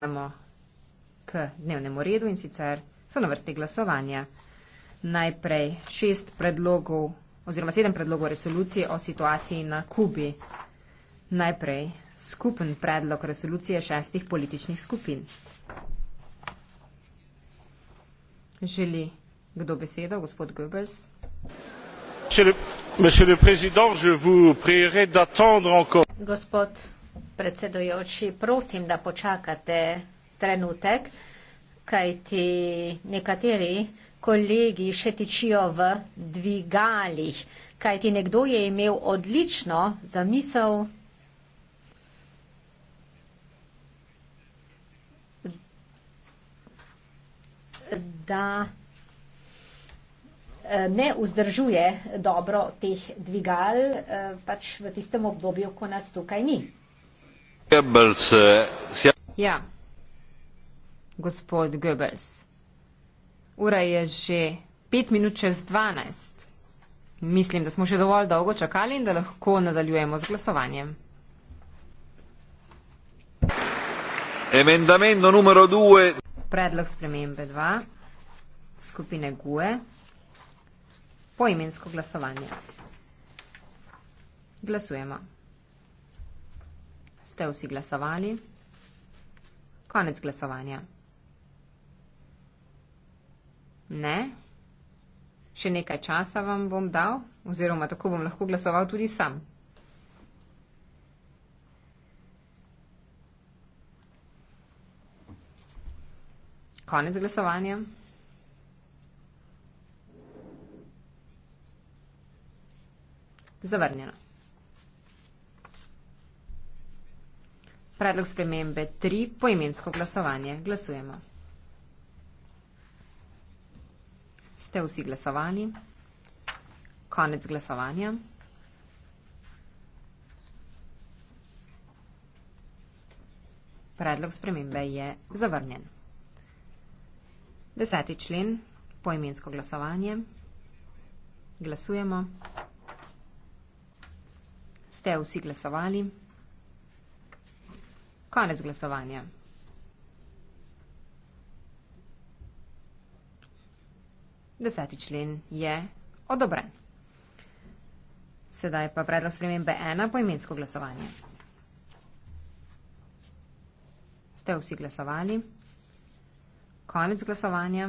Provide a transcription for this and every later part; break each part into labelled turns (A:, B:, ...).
A: Vrnemo k dnevnemu redu in sicer so na vrsti glasovanja. Najprej šest predlogov oziroma sedem predlogov resolucije o situaciji na Kubi. Najprej skupen predlog resolucije šestih političnih skupin. Želi kdo besedo? Gospod Goebbels. Gospod predsedojoči, prosim, da počakate trenutek, kajti nekateri kolegi še tičijo v dvigalih, kajti nekdo je imel odlično zamisel, da eh, ne vzdržuje dobro teh dvigal eh, pač v tistem obdobju, ko nas tukaj ni. Eh, ja, gospod Goebbels, ura je že pet minut čez dvanajst. Mislim, da smo še dovolj dolgo čakali in da lahko nadaljujemo z glasovanjem. Predlog spremembe 2 skupine GUE poimensko glasovanje. Glasujemo. Ste vsi glasovali? Konec glasovanja. Ne? Še nekaj časa vam bom dal, oziroma tako bom lahko glasoval tudi sam. Konec glasovanja. Zavrnjeno. Predlog spremembe 3 poimensko glasovanje. Glasujemo. Ste vsi glasovali? Konec glasovanja. Predlog spremembe je zavrnjen. Deseti člen poimensko glasovanje. Glasujemo. Ste vsi glasovali? Glasujemo. Konec glasovanja. Deseti člen je odobren. Sedaj pa predlog spremembe ena poimensko glasovanje. Ste vsi glasovali? Konec glasovanja.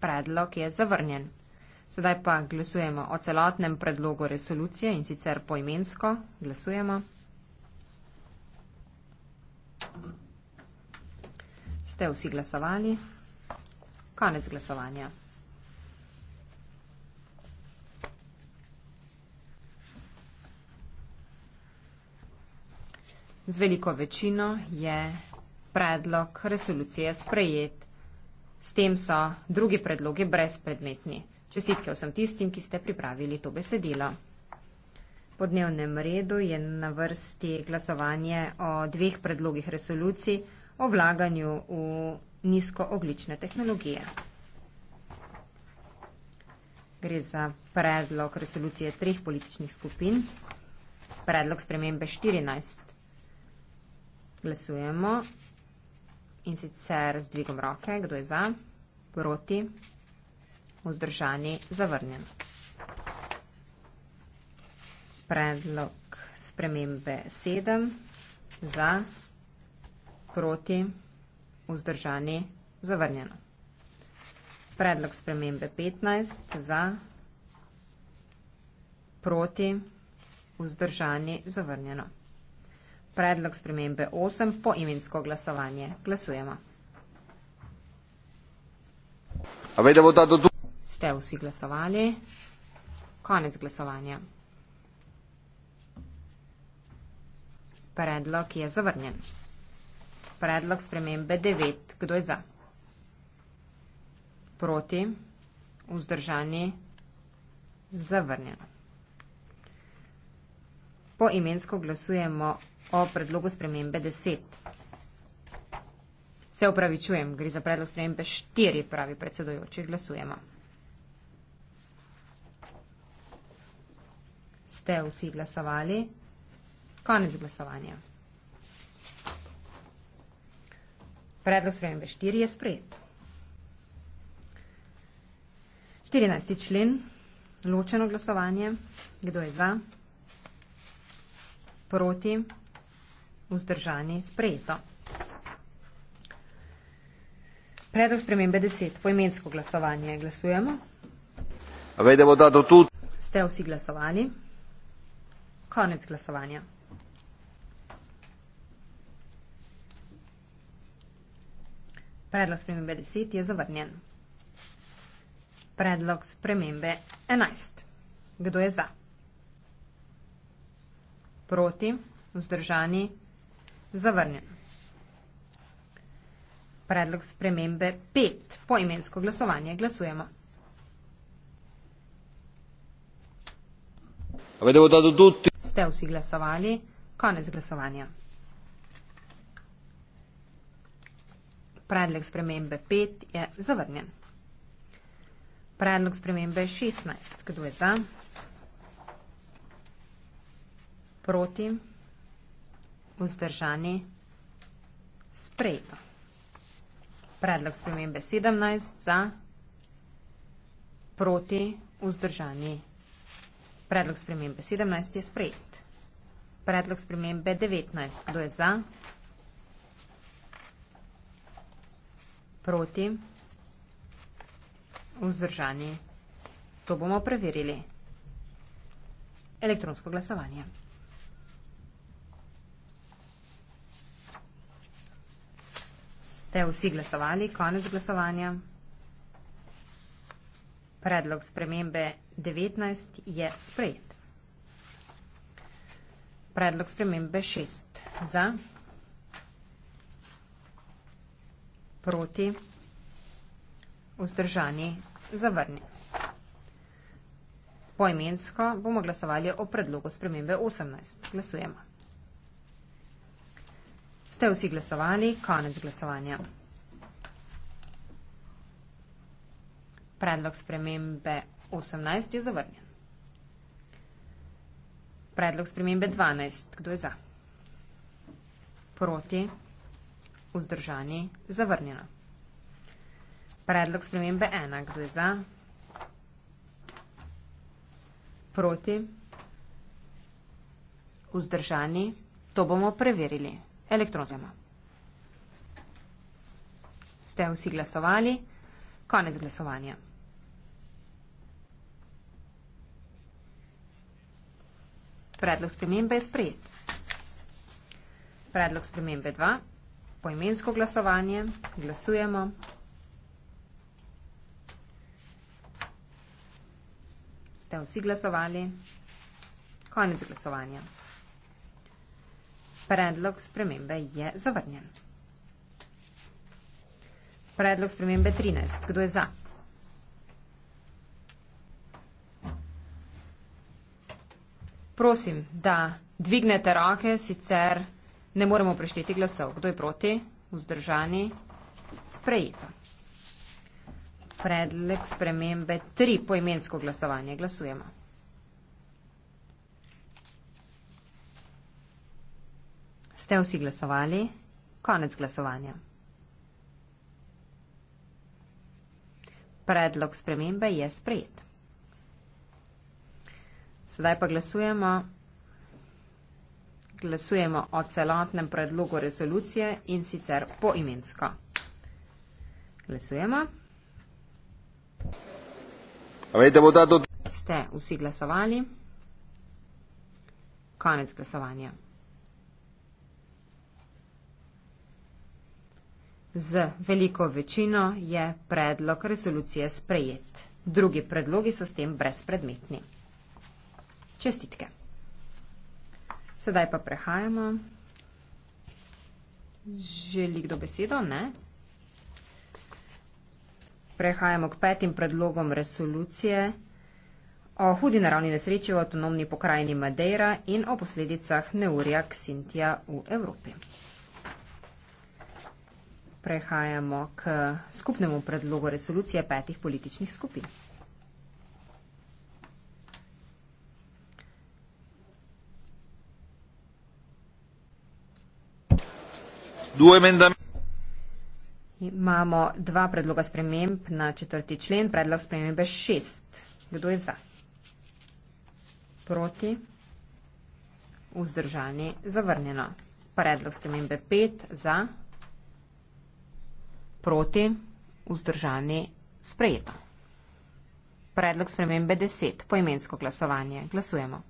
A: Predlog je zavrnjen. Sedaj pa glasujemo o celotnem predlogu resolucije in sicer poimensko. Glasujemo. Ste vsi glasovali? Konec glasovanja. Z veliko večino je predlog resolucije sprejet. S tem so drugi predlogi brezpredmetni. Čestitke vsem tistim, ki ste pripravili to besedilo. Po dnevnem redu je na vrsti glasovanje o dveh predlogih resolucij o vlaganju v nizkooglične tehnologije. Gre za predlog resolucije treh političnih skupin, predlog spremembe 14. Glasujemo in sicer z dvigom roke, kdo je za, proti, vzdržani zavrnjen. Predlog spremembe 7 za proti vzdržani zavrnjeno. Predlog spremembe 15 za proti vzdržani zavrnjeno. Predlog spremembe 8 po imensko glasovanje glasujemo. A vedemo, da do drugega ste vsi glasovali. Konec glasovanja. Predlog je zavrnjen. Predlog spremembe 9. Kdo je za? Proti? Vzdržani? Zavrnjeno. Po imensko glasujemo o predlogu spremembe 10. Se upravičujem, gre za predlog spremembe 4, pravi predsedojoči, glasujemo. ste vsi glasovali. Konec glasovanja. Predlog spremembe 4 je sprejet. 14. člen. Ločeno glasovanje. Kdo je za? Proti? Vzdržani? Sprejeto. Predlog spremembe 10. Poimensko glasovanje. Glasujemo. Vedemo, da do tu. Ste vsi glasovali? Konec glasovanja. Predlog spremembe 10 je zavrnjen. Predlog spremembe 11. Kdo je za? Proti, vzdržani, zavrnjen. Predlog spremembe 5. Po imensko glasovanje glasujemo. Avedevo dato tutti ste vsi glasovali. Konec glasovanja. Predlog spremembe 5 je zavrnjen. Predlog spremembe 16. Kdo je za? Proti? Vzdržani? Sprejeto. Predlog spremembe 17. Za? Proti? Vzdržani? Sprejeto. Predlog spremembe 17 je sprejet. Predlog spremembe 19. Kdo je za? Proti? Vzdržani? To bomo preverili. Elektronsko glasovanje. Ste vsi glasovali? Konec glasovanja. Predlog spremembe 19 je sprejet. Predlog spremembe 6. Za. Proti. Vzdržani. Zavrni. Poimensko bomo glasovali o predlogu spremembe 18. Glasujemo. Ste vsi glasovali? Konec glasovanja. Konec glasovanja. Predlog spremembe 18 je zavrnjen. Predlog spremembe 12. Kdo je za? Proti. Vzdržani. Zavrnjeno. Predlog spremembe 1. Kdo je za? Proti. Vzdržani. To bomo preverili. Elektrozijama. Ste vsi glasovali? Konec glasovanja. Predlog spremembe je sprejet. Predlog spremembe 2. Poimensko glasovanje. Glasujemo. Ste vsi glasovali? Konec glasovanja. Predlog spremembe je zavrnjen. Predlog spremembe 13. Kdo je za? Prosim, da dvignete roke, sicer ne moremo prešteti glasov. Kdo je proti? Vzdržani? Sprejeto. Predlog spremembe 3. Poimensko glasovanje. Glasujemo. Ste vsi glasovali? Konec glasovanja. Predlog spremembe je sprejeto. Sedaj pa glasujemo. Glasujemo o celotnem predlogu resolucije in sicer poimensko. Glasujemo. Ste vsi glasovali? Konec glasovanja. Z veliko večino je predlog resolucije sprejet. Drugi predlogi so s tem brezpredmetni. Čestitke. Sedaj pa prehajamo. Želi kdo besedo? Ne. Prehajamo k petim predlogom resolucije o hudi naravni nesreči v avtonomni pokrajini Madeira in o posledicah neurja Ksintija v Evropi. Prehajamo k skupnemu predlogu resolucije petih političnih skupin. Imamo dva predloga sprememb na četrti člen, predlog spremembe šest. Kdo je za? Proti? Vzdržani? Zavrnjeno. Predlog spremembe pet za? Proti? Vzdržani? Sprejeto. Predlog spremembe deset, poimensko glasovanje. Glasujemo.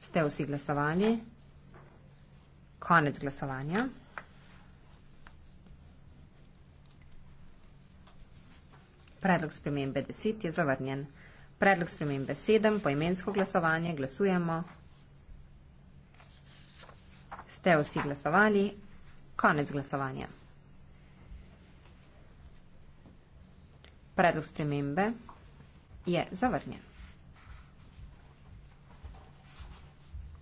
A: Ste vsi glasovali? Ja. Konec glasovanja. Predlog spremembe 10 je zavrnjen. Predlog spremembe 7, poimensko glasovanje, glasujemo. Ste vsi glasovali? Konec glasovanja. Predlog spremembe je zavrnjen.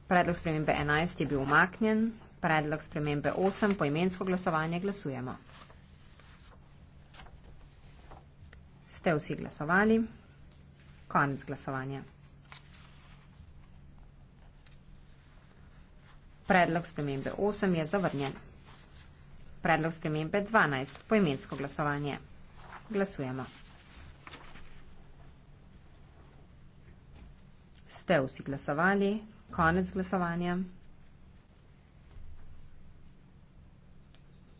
A: Predlog spremembe 11 je bil umaknjen predlog spremembe 8 poimensko glasovanje glasujemo. Ste vsi glasovali? Konec glasovanja. Predlog spremembe 8 je zavrnjen. Predlog spremembe 12 poimensko glasovanje. Glasujemo. Ste vsi glasovali? Konec glasovanja.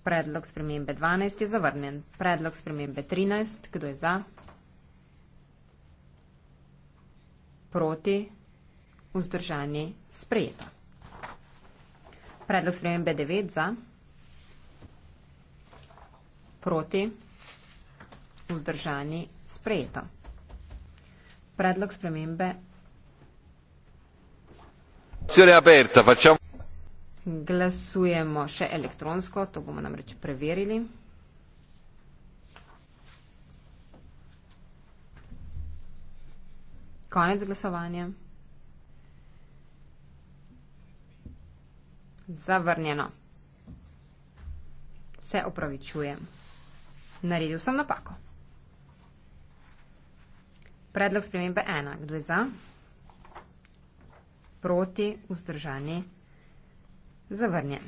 A: Predlog spremembe 12 je zavrnen. Predlog spremembe 13. Kdo je za? Proti? Vzdržani? Sprejeto. Predlog spremembe 9 za? Proti? Vzdržani? Sprejeto. Predlog spremembe. Aperta, facciamo glasujemo še elektronsko, to bomo namreč preverili. Konec glasovanja. Zavrnjeno. Se opravičujem. Naredil sem napako. Predlog spremembe ena. Kdo je za? Proti vzdržanje Zavrnjen.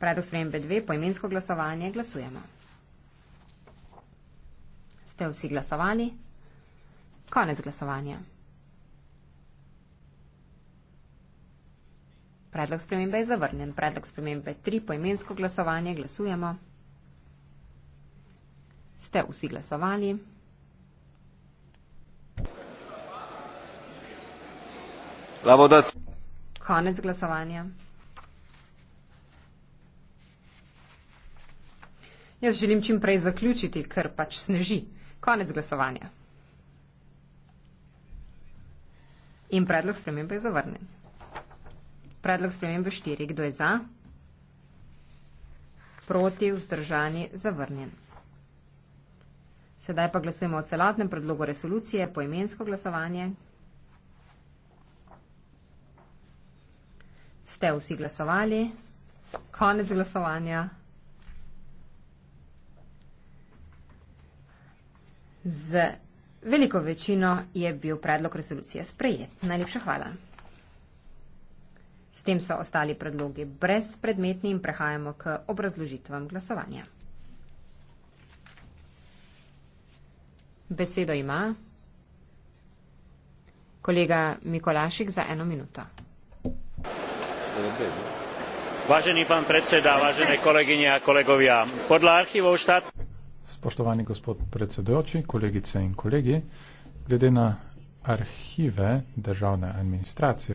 A: Predlog spremembe 2, poimensko glasovanje, glasujemo. Ste vsi glasovali? Konec glasovanja. Predlog spremembe je zavrnjen. Predlog spremembe 3, poimensko glasovanje, glasujemo. Ste vsi glasovali? Konec glasovanja. Jaz želim čim prej zaključiti, ker pač sneži. Konec glasovanja. In predlog spremembe je zavrnen. Predlog spremembe štiri. Kdo je za? Proti vzdržani zavrnjen. Sedaj pa glasujemo o celotnem predlogu resolucije, poimensko glasovanje. Ste vsi glasovali? Konec glasovanja. Z veliko večino je bil predlog rezolucije sprejet. Najlepša hvala. S tem so ostali predlogi brezpredmetni in prehajamo k obrazložitvam glasovanja. Besedo ima kolega Mikolašik za eno minuto. Vážený pán predseda, vážené kolegyne a kolegovia, podľa archívov štátu... Spoštovani gospod predsedojoči, kolegice in kolegi, glede na arhive državne administracije.